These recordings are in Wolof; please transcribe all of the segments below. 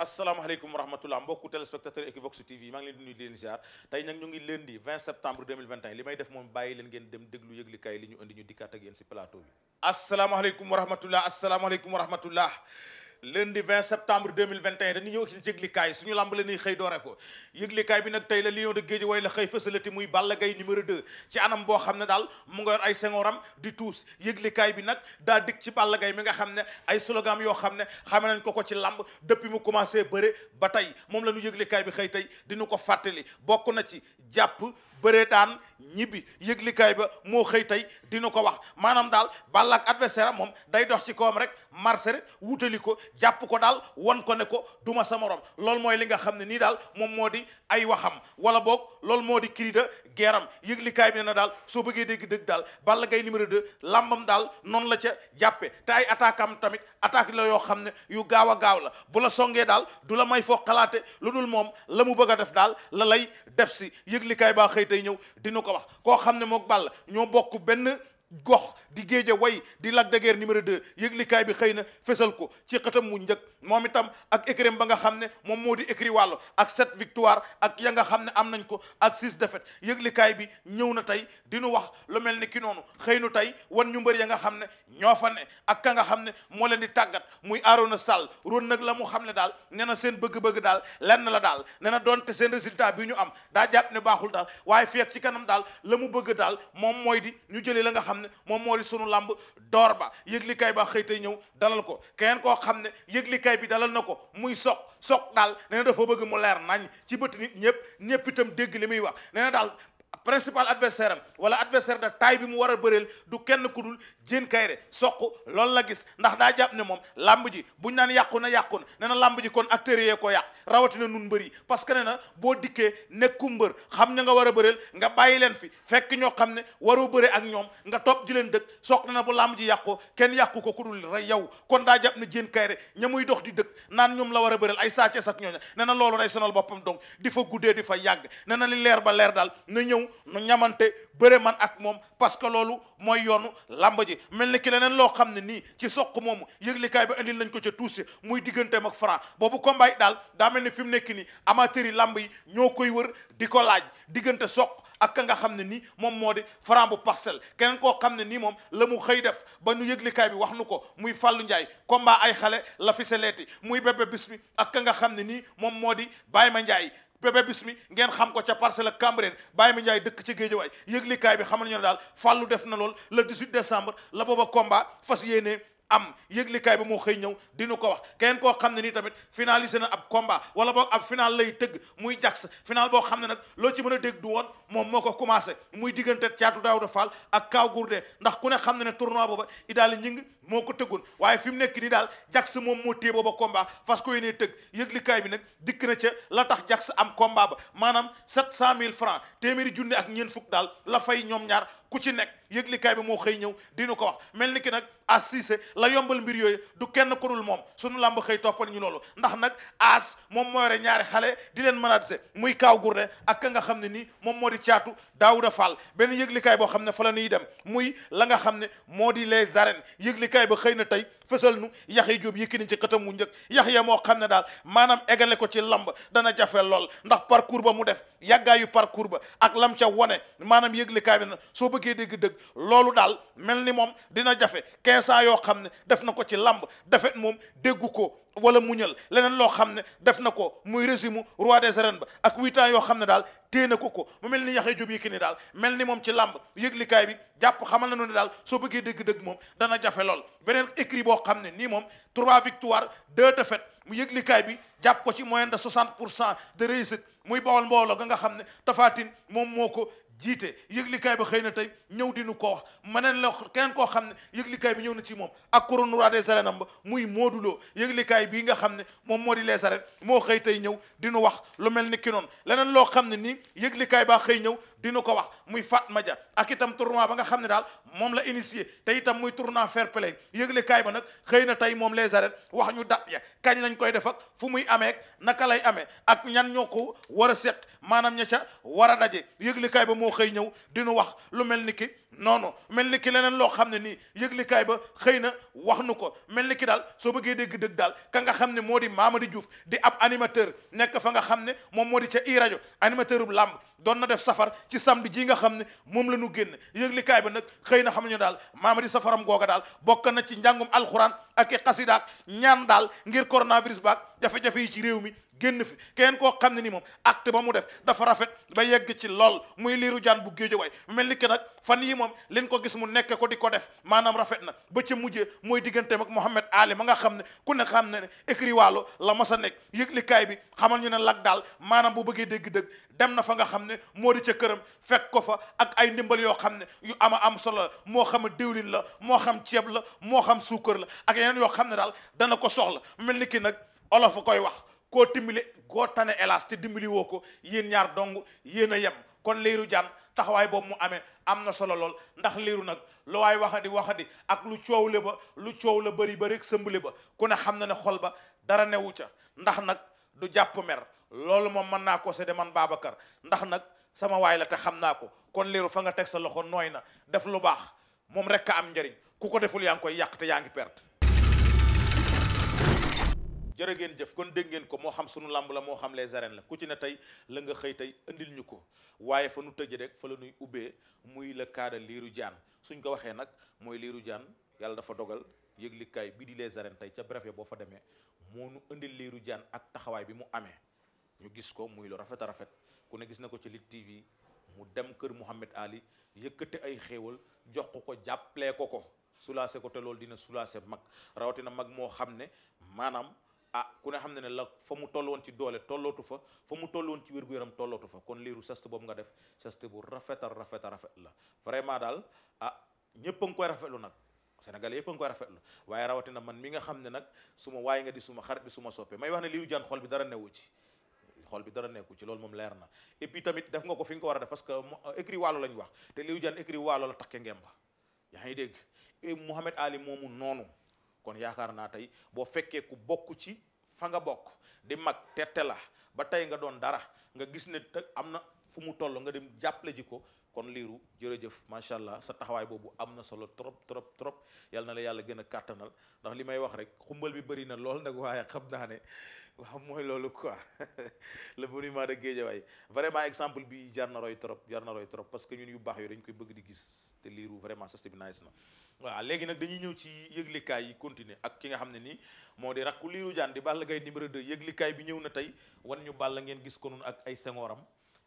asalaamaaleykum wa rahmatullah mbokku téléspectateur Equivox TV maa ngi leen di nuyu di leen ziar tey nag ñu ngi lundi 20 septembre 2021 li may def moom bàyyi leen ngeen dem déglu yëglikaay li ñu indi ñu dikkaat ak yéen si plateau bi asalaamaaleykum wa rahmatullah asalaamaaleykum wa rahmatullah lundi 20 septembre 2021 dañu ñëw ci yëglikaay su lamb la ñuy xëy doore ko yëglikaay bi nag tey la lion de Guédiawaye la xëy fësalati muy Balla Gaye numéro 2 ci anam boo xam ne daal mu nga yor ay sengoram di tuus yëglikaay bi nag daa dikk ci Balla Gaye mi nga xam ne ay slogan yoo xam ne xame nañ ko ko ci lamb depuis mu commencé bëre ba tey moom la ñu yëglikaay bi xëy tey diñu ko fàttali bokk na ci jàpp bëree daan ñibbi yëglikaay ba moo xëy tey dina ko wax maanaam daal Balla ak moom day dox ci kawam rek marché rek wutali ko jàpp ko daal wan ko ne ko duma sa morom loolu mooy li nga xam ne nii daal moom moo di ay waxam wala boog loolu moo di cri de guerre yëglikaay bi ne na daal soo bëggee dégg dëgg daal Balla Gaye numéro 2 lambam daal noonu la ca jàppe te ay attaque am tamit attaque la yoo xam ne yu gaaw a gaaw la bu la songee daal du la may foo xalaate lu dul moom la mu bëgg a def daal la lay def si yëglikaay xëy day ñëw dina ko wax koo xam ne mook Balla ñoo bokk benn gox di géeja woy di Lac de Guiers numéro 2 yëglikaay bi xëy na fesal ko ci xëtam mu njëkk moom itam ak écrim ba nga xam ne moom moo di écrit wàllu ak sept victoire ak ya nga xam ne am nañ ko ak six défaites yëglikaay bi ñëw na tey dinu wax lu mel ni ki noonu xëy nu tey wan ñu mbër ya nga xam ne ñoo fa ne ak ka nga xam ne moo leen di tàggat muy Arona Sall ron nag la mu xam ne daal nee na seen bëgg-bëgg daal lenn la daal nee na doonte seen résultat bi ñu am daa jàpp waaye ci kanam daal la mu bëgg daal moom la nga xam xam ne moom moo di sunu làmb door ba yëglikaay ba xëy tey ñëw dalal ko keneen koo xam ne yëglikaay bi dalal na ko muy soq soq daal nee na dafa bëgg mu leer nañ ci bët nit ñëpp ñëpp itam dégg li muy wax nee na principal adversaire am wala adversaire de taay bi mu war a bëreel du kenn ku dul Diène Kaïré soq loolu la gis ndax daa jàpp ne moom làmb ji buñ naan yàqu na yàqu na ne na làmb ji kon acteurs yee ko yàq rawatina nun mbëri parce que ne na boo dikkee nekku mbër xam ña nga war a bëreel nga bàyyi leen fi fekk ñoo xam ne waroo bëre ak ñoom nga topp ji leen dëkk soq na bu làmb ji yàqoo kenn yàqu ko ku dul rek yow kon daa jàpp ne Diène Kaïré ña muy dox di dëkk naan ñoom la war a bëreel ay saace sak ñooña ne na loolu day sonal boppam donc di fa guddee di fa yàgg ne na li leer ba leer daal na ñëw ñëw nu ñamante bëre man ak moom parce que loolu mooy yoonu làmb ji mel ni ki leneen loo xam ne nii ci soq moomu yëglikaay bi indil nañ ko ca tuusi muy digganteem ak franc boobu combat yi daal daa mel ni fi mu nekk nii amateur yi làmb yi ñoo koy wër di ko laaj diggante soq ak ka nga xam ne nii moom moo di franc bu parcelle keneen koo xam ne nii moom la mu xëy def ba ñu yëglikaay bi wax nu ko muy Fallou Ndiaye combat ay xale la fi muy bébé bis ak ka nga xam ne nii moom moo di Baye Ma Ndiaye bébé bismi ngeen xam ko ca Parcelles ak Cambérène Baye mi Ndiaye dëkk ci Guédiawaye yëglikaay bi xamal ñu ne daal fàllu def na lool le 18 décembre la booba combat fas yéenee am yëglikaay bi moo xëy ñëw dinu ko wax kenn koo xam ne nii tamit finalisé na ab combat wala boog ab final lay tëgg muy jax final boo xam ne nag loo ci mën a dégg du woon moom moo ko commencé muy diggante caatu Daawda Fall ak Kaaw Gourdé ndax ku ne xam ne ne tournoi booba Idaali Ñing moo ko tëggoon waaye fi mu nekk nii daal jax moom moo téye booba combat fas ko yéenee tëgg yëglikaay bi nag dikk na ca la tax jax am combat ba maanaam sept cent mille francs téeméeri junne ak ñeent fukk daal la fay ñoom ñaar ku ci nekk yëglikaay bi moo xëy ñëw dinu ko wax mel ki nag as siise la yombal mbir yooyu du kenn korul moom sunu làmb xëy toppal ñu loolu ndax nag as moom moo yore ñaari xale di leen manatise muy kaaw gurde ak ka nga xam ne nii moom moo di caatu a fall benn yëglikaay boo xam ne fa la ñuy dem muy la nga xam ne moo di les arènes yëglikaay ba xëy na tey fësal nu yaxya jóob yëkkini ci xëtam mu njëkk ya moo xam ne daal maanaam eggale ko ci lamb dana jafe lool ndax parcours ba mu def yàggaayu parcours ba ak lam ca wone maanaam yëglikaay bi nag soo bëggee dégg loolu daal mel ni moom dina jafe 500 yoo xam ne def na ko ci lamb defet moom déggu ko wala muñal leneen loo xam ne def na ko muy régime roi des arènes ba ak huit ans yoo xam ne daal téye na ko ko mu mel ni yaxee jub yi ki ni daal mel ni moom ci lamb yëglikaay bi jàpp xamal nañu ne daal soo bëggee dëgg-dëgg moom dana jafe lool beneen écrit boo xam ne nii moom trois victoires deux défaites mu yëglikaay bi jàpp ko ci moyenne de 60 pour cent de réussite muy bawol mbooloo ga nga xam ne Tapha Tine moom moo ko jiite yëglikaay ba xëy na tey ñëw dinu ko wax maneen la keneen koo xam ne yëglikaay bi ñëw na ci moom ak couronne roi des arènes ba muy Modou Lo yëglikaay bii nga xam ne moom moo di lee arènes moo xëy tey ñëw dinu wax lu mel ni ki noonu leneen loo xam ne nii yëglikaay baa xëy ñëw dina ko wax muy Fatma Dia ak itam tournoi ba nga xam ne daal moom la initié te itam muy tournoi fair play yëgle kaay ba nag xëy na tey moom les arènes wax ñu dat ya kañ lañ koy def fu muy amee naka lay amee ak ñan ñoo ko war a seq maanaam ña ca war a daje yëgle kaay ba moo xëy ñëw dinu wax lu mel ni ki non mel ni ki leneen loo xam ne nii yëglikaay ba xëy na wax nu ko mel ni ki daal soo bëggee dégg dëgg daal ka nga xam ne moo di Mamady Diouf di ab animateur nekk fa nga xam ne moom moo di ca i rajo animateur bu làmb doon na def safar ci samedi ji nga xam ne moom la ñu génn yëglikaay ba nag xëy na xamuñu daal daal Mamady safaram googa daal bokk na ci njàngum alxuraan ak i xasidaak ñaan daal ngir coronavirus baak jafe-jafe yi ci réew mi génn fi kenn koo xam ne ni moom acte ba mu def dafa rafet ba yegg ci lool muy liiru jaan bu géejo waay mel ni ki nag fan yi moom liñ ko gis mu nekk ko di ko def maanaam rafet na ba ci mujjee mooy digganteem ak Mouhamed Ali ma nga xam ne ku ne xam ne ne écrit la mas a nekk yëglikaay bi xamal ñu ne lag daal maanaam bu bëggee dégg-dëgg dem na fa nga xam ne moo di ca këram fekk ko fa ak ay ndimbal yoo xam ne yu ama am solo la moo xam diwlin la moo xam ceeb la moo xam suukar la ak yeneen yoo xam ne daal dana ko soxla mel ni ki nag olof a koy wax koo dimbali koo tane hélas te dimbali woo ko yéen ñaar dong yéen a yem kon liiru jaan taxawaay boobu mu amee am na solo lool ndax liiru nag lu waay waxadi waxadi ak lu coow le ba lu coow la bëri ba rek sëmbale ba ku ne xam na ne xol ba dara newu ca ndax nag du jàpp mer loolu moom mën naa ko séddee man Babacar ndax nag sama waay la te xam naa ko kon liiru fa nga teg sa loxo nooy na def lu baax moom rek a am njariñ ku ko deful yaa ngi koy yàqte yaa ngi perte. jërë ngeen jëf kon dégg ngeen ko moo xam sunu làmb la moo xam les arènes la ku ci ne tey la nga xëy tey indil ñu ko waaye fa nu tëj rek fa la nuy ubbee muy la cas liiru Lirou Diane suñ ko waxee nag mooy liiru Diane yàlla dafa dogal yëglikaay bii di les arènes tey ca bref boo fa demee moo nu indil Lirou Diane ak taxawaay bi mu amee ñu gis ko muy lu rafet a rafet ku ne gis na ko ci Lutte TV mu dem kër Mouhamed Ali yëkkate ay xéewal jox ko ko jàppalee ko ko sulaase ko te loolu dina sulaase mag rawatina mag moo xam ne maanaam. ku ne xam ne ne la fa mu toll woon ci doole tollootu fa fa mu toll woon ci wér yaram tollootu fa kon liiru sast boobu nga def sast bu rafet rafet a rafet la vraiment daal ah ñëpp a ngi rafetlu nag Sénégalais yëpp a rafetlu waaye rawatina man mi nga xam ne nag suma waay nga di suma xarit di suma soppe may wax ne liiru jaan xol bi dara newu ci xol bi dara nekku ci loolu moom leer na et tamit def nga ko fi nga ko war a def parce que euh, écrit waalo lañ wax te liiru jaan écrit waalo la takke ngemba yaa ngi dégg Mouhamed Ali moomu noonu kon yaakaar naa tey boo fekkee ku bokku ci fa nga bokk di mag tette la ba tey nga doon dara nga gis ne te am na fu mu toll nga dem jàppale ji ko kon liiru jërëjëf macha allah sa taxawaay boobu am na solo trop trop trop yal na la yàlla gën a kàttanal ndax li may wax rek xumbal bi bëri na lool nag waaye xam naa ne waaw mooy loolu quoi le monument de Guédiawaye vraiment exemple bi jar na roy trop jar na roy trop parce que ñun yu baax yooyu dañ koy bëgg di gis te liiru vraiment sas bi waaw léegi nag dañuy ñëw ci yëglikaay yi continuer ak ki nga xam ne ni moo di ku liiru jaan di Balla Gaye numéro 2 yëglikaay bi ñëw na tey wan ñu Balla ngeen gis ko noonu ak ay sengooram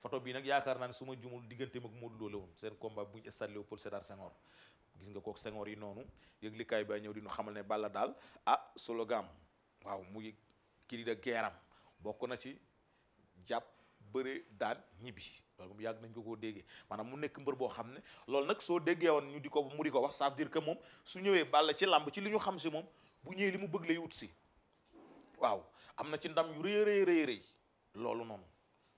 photo bi nag yaakaar naa ne su ma jumul digganteem ak Modou Lo woon seen combat bu ñu stade Léopold Sédar Senghor gis nga kook sengoor yi noonu yëglikaay ba ñëw di ñu xamal ne Balla daal ah solo gaam waaw muy kii di geeram bokk na ci jàpp bëre daan ñibbi loolu moom yàgg nañ ko koo déggee maanaam mu nekk mbër boo xam ne loolu nag soo déggee woon ñu di ko mu di ko wax ça veut dire que moom su ñëwee Balla ci làmb ci li ñu xam si moom bu ñëwee li mu bëgg lay wut si waaw am na ci ndam yu rëy rëy rëy loolu noonu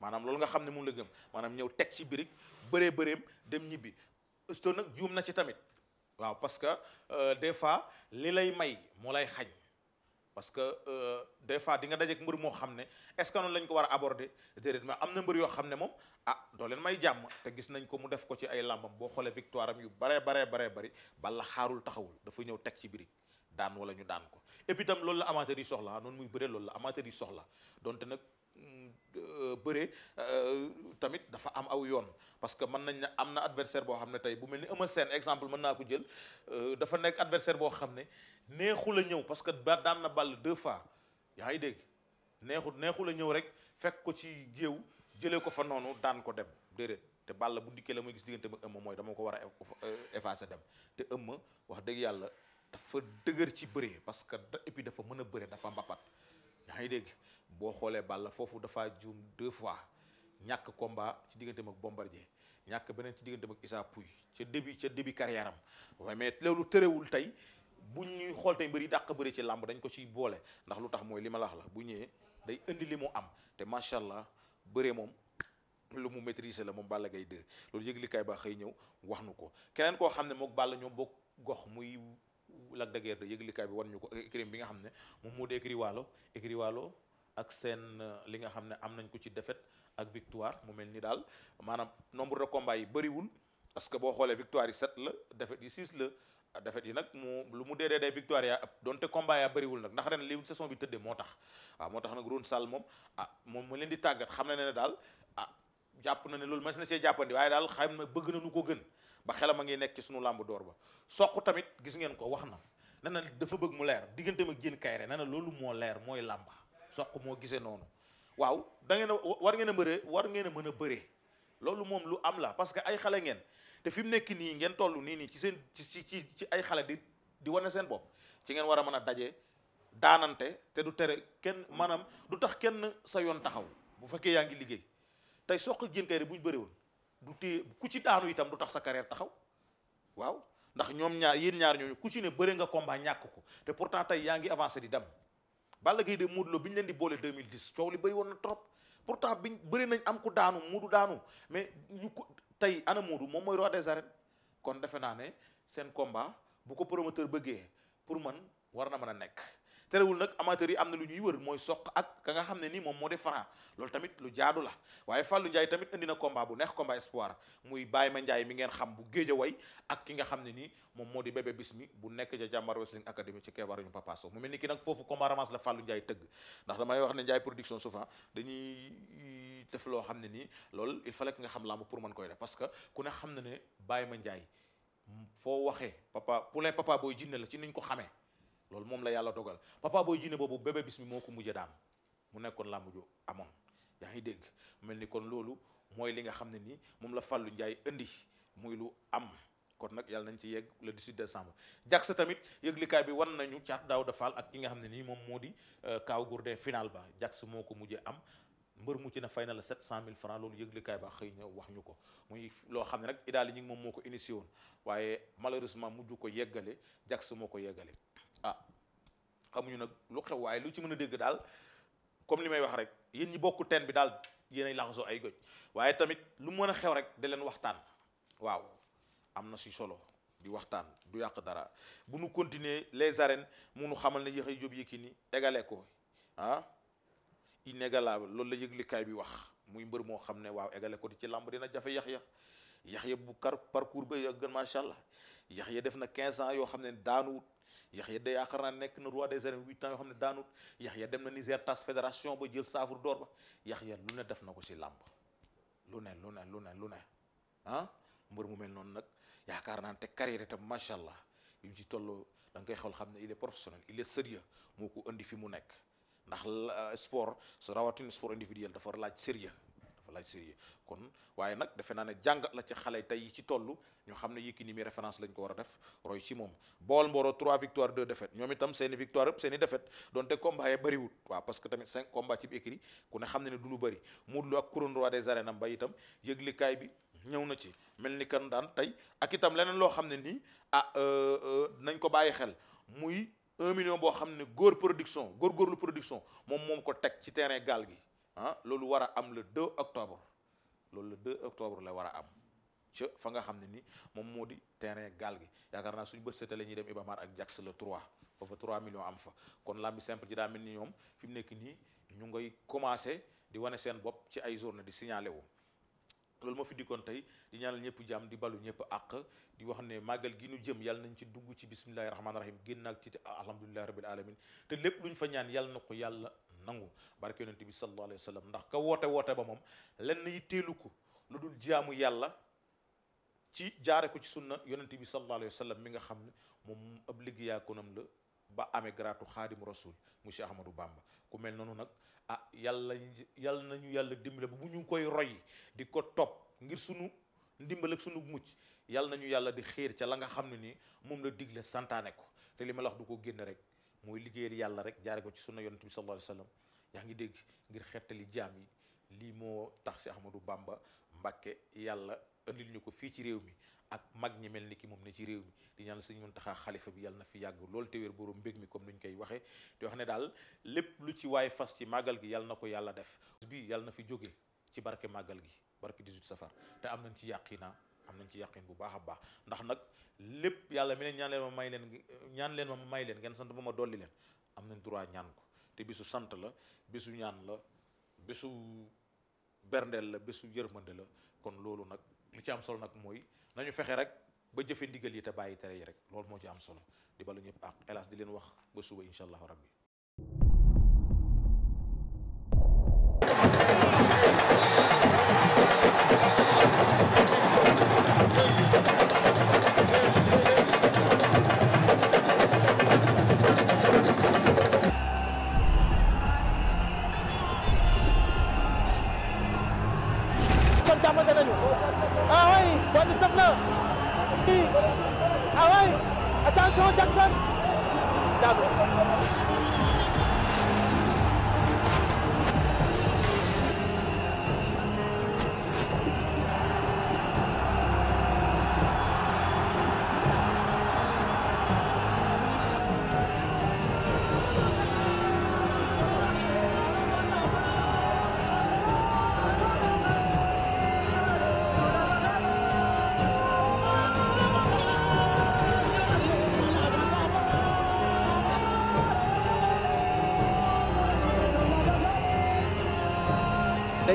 maanaam loolu nga xam ne moom la gëm maanaam ñëw teg ci birig bëree bëreem dem ñibbi sto nag juum na ci tamit waaw parce que euh, des fois li lay may moo lay xañ parce que euh, des fois di nga dajeek mbër moo xam ne est-ce que noonu lañ ko war a aborder déedéet mais am na mbër yoo xam ne moom ah doo leen may jàmm te gis nañ ko mu def ko ci ay làmbam boo xoolee victoire am yu baree baree bare bëri bala xaarul taxawul dafa ñëw teg ci birig daan wala ñu daan ko et itam loolu la amateur soxla noonu muy bëree loolu la amateur soxla donte nag Euh, bëree euh, tamit dafa am aw yoon parce que mën nañ ne am na adversaire boo xam ne tey bu mel ni Eumeu Sène exemple mën naa ko jël euh, dafa nekk adversaire boo xam ne neexu la ñëw parce que ba daan na ball deux fois yaa ngi dégg neexu neexu la ñëw rek fekk ko ci géew jëlee ko fa noonu daan ko dem déedéet te ball bu dikkee la muy gis diggante ma Eumeu mooy dama ko war a e, e, effacer dem te Eumeu wax dëgg yàlla dafa dëgër ci bëree parce que et dafa mën a bëre dafa mbapat yaa ngi dégg boo xoolee Balla foofu dafa juum deux fois ñàkk combat ci digganteem ak Bombardier ñàkk beneen ci digganteem ak Issa Pouye ca début ca début carrière am mais loolu tërëwul tey bu ñuy xool tey mbir daq dàq bëri ci làmb dañ ko ciy boole ndax lu tax mooy li ma lax la bu ñëwee day indi li mu am te macha allah bëree moom lu mu maîtriser la moom Balla gay 2 loolu yëglikaay ba xëy ñëw wax nu ko keneen koo xam ne mook Balla ñoo bokk gox muy Lac de Guiers de bi wan ñu ko écrit bi nga xam ne moom moo di écrit waalo waalo ak seen euh, li nga xam ne am nañ ko ci défaite ak victoire mu mel ni daal maanaam nombre de combats yi bëriwul parce que boo xoolee victoire yi sept la défaite yi six la défaite yi nag mu lu mu dee dee dee victoire yaa ëpp donte yaa bëriwul nag ndax ren li saison bi tëddee moo tax waaw moo tax nag Ron Sall moom ah moom mu leen di tàggat xam na ne daal ah jàpp na ne loolu ma na see jàppandi waaye daal xam na bëgg na nu ko gën ba xelam a ngi nekk ci sunu làmb door ba soq tamit gis ngeen ko wax na ne na dafa mu leer digganteem ak Diène Kaïré ne na loolu moo leer mooy làmba soq moo gisee noonu waaw da ngeen war ngeen a mëree war ngeen a mën a bëree loolu moom lu am la parce que ay xale ngeen te fi mu nekk nii ngeen toll nii nii ci seen ci ci ci ay xale di di wane seen bopp ci ngeen war a mën a daje daanante te du tere kenn maanaam du tax kenn sa yoon taxaw bu fekkee yaa ngi liggéey tey soq jën kay bu ñu bëree woon du téye ku ci daanu itam du tax sa carrière taxaw waaw ndax ñoom ñaar yéen ñaar ñooñu ku ci ne bëre nga combat ñàkk ko te pourtant tey yaa ngi avancé di dem Balla Gaye de Modou Lo bi ñu leen di boole 2010 coow li bëri woon na trop pourtant biñ bëri nañ am ku daanu Modou daanu mais ñu ko tey ana Modou moom mooy roi des arènes kon defe naa ne seen combat bu ko promoteur bëggee pour man war na mën a nekk. terewul nag amateur yi am na lu ñuy wër mooy soq ak ka nga xam ne nii moom moo def Franc loolu tamit lu jaadu la waaye Fallou Ndiaye tamit indi na combat bu neex combat espoir muy Baye Ma Ndiaye mi ngeen xam bu géej way ak ki nga xam ne nii moom moo di bébé bis bu nekk ca jàmbar wrestling academy ci keebaruñu Papa Sow mu ni ki nag foofu combat ramance la Fallou Ndiaye tëgg ndax damay wax ne Ndiaye production souvent dañuy def loo xam ne nii loolu il fallait que nga xam lamb pour mën koy def parce que ku ne xam na ne bàyyi Ma Ndiaye foo waxee papa poulain papa booy jinne la ci niñ ko xamee loolu moom la yàlla dogal papa booy jinne boobu bébé bis mi moo ko mujj daan mu nekkoon làmb ju amoon yaa ngi dégg mel ni kon loolu mooy li nga xam ne nii moom la Fallou Ndiaye indi muy lu am kon nag yàlla nañ ci yegg le 18 décembre jàk sa tamit yëglikaay bi wan nañu caat daaw dafaal ak ki nga xam ne nii moom moo di euh, kaaw gourdin final ba jàk sa moo ko mujje am mbër mu na fey na la cent mille francs loolu yëglikaay ba xëy na wax ñu ko muy loo xam ne nag idaali ñi ngi moom moo ko initié woon waaye malheureusement mujj ko yeggale jàk sa moo ko ah xamuñu nag lu xew waaye lu ci mën a dégg daal comme li may wax rek yéen ñi bokk teen bi daal yéenay laxasoo ay goj waaye tamit lu mën a xew rek da leen waxtaan waaw am na si solo di waxtaan du yàq dara bu nu continuer les arènes mu nu xamal ne Yaxya Jóob Yékini égale ko ah inégalable loolu la yëglikaay bi wax muy mbër moo xam ne waaw égale ko di ci làmb dina jafe Yaxya Yaxya bu kar parcours ba gën macha allah Yaxya def na 15 ans yoo xam ne daanuwut Yaxya de yaakaar naa nekk na roi des arènes huit ans yoo xam ne daanut Yaxya dem na Niger tas fédération ba jël saafur door ba Yaxya lu ne def na ko si làmb lu ne lu ne lu ne lu ne ah mbër mu mel noonu nag yaakaar naa te carrière itam macha allah bi mu ci toll da nga koy xool xam ne il est professionnel il est sérieux moo ko indi fi mu nekk ndax euh, sport su rawatina sport individuel dafa laaj sérieux dafa laaj kon waaye nag defe naa ne jàngat la ci xale tey yi ci toll ñu xam ne Yékini mi référence lañ ko war a def roy ci moom Bawol Mboro 3 victoire 2 défaite ñoom itam seeni victoire yëpp seeni défaite donte combat yi bëriwul waaw ne xam ne ne du lu bëri Modou mel ni kan daan tey ak itam leneen loo xam ne nii ah euh, euh, nañ ko bàyyi xel muy un million boo xam ne góor production góorgóorlu production moom moom ko teg ci terrain gaal gi ah loolu war a am la 2 octobre loolu la 2 octobre la war a am ca fa nga xam ne ni moom moo di terrain gaal gi yaakaar naa suñu bët setale ñuy dem Ibamar ak Jax le 3 foofa 3 millions am fa kon lamb bi simple ji daa mel ni ñoom fi mu nekk nii ñu ngay commencé di wane seen bopp ci ay journée di signalé wu loolu moo fi dikkoon tey di ñaanal ñëpp jàmm di balu ñëpp aq di wax ne màggal gi nu jëm yàlla nañ ci dugg ci bismillahi rahmaani rahim génn ak ci alhamdulillahi rabbil alamin te lépp luñ fa ñaan yàlla na ko yàlla nangu barke bi sallallahu alayhi wa ndax ka woote woote ba moom lenn yi teelu ko lu dul jaamu yàlla ci jaare ko ci sunna yonent bi sallallahu alayhi mi nga xam ne moom ab liggéeyaa konam la ba amee garaatu xaadim rasul mu Cheikh Ahmadou Bamba ku mel noonu nag ah yàlla yàlla nañu yàlla dimbale ba bu ñu koy roy di ko topp ngir sunu ndimbal ak sunu mucc yàlla nañu yàlla di xiir ca la nga xam ne ni moom la digle santaane ko te li ma la wax du ko génn rek mooy liggéeyal yàlla rek jaare ko ci sunna yonent bi sallallahu alayhi wa yaa ngi dégg ngir xettali jaam yi lii moo tax si Ahmadou bàmba Mbàkke yàlla andil ñu ko fii ci réew mi ak mag ñi mel ni ki moom ne ci réew mi di ñaan sëñ Muntaxa xalifa bi yàlla na fi yàgg loolu te wér borom mbég mi comme nuñ koy waxee te wax ne daal lépp lu ci waay fas ci màggal gi yàlla na ko yàlla def bi yàlla na fi jóge ci barke màggal gi barke 18 safar te am nañ ci yàqina am nañ ci yàqin bu baax a baax lépp yàlla mi ne ñaan leen ma may leen ñaan leen ma may leen ngeen sant ba ma dolli leen am nañ droit ñaan ko te bisu sant la bisu ñaan la bésu berndeel la bisu yërmande la kon loolu nag li ci am solo nag mooy nañu fexe rek ba jëfe ndigal yi te bàyyi tere yi rek loolu moo ci am solo di balu ñëpp ak hélas di leen wax ba suba incha allahu rabbi Thank kon jàmmante nañu ah oui bon di sëf la kii ah oui attention Jackson d'accord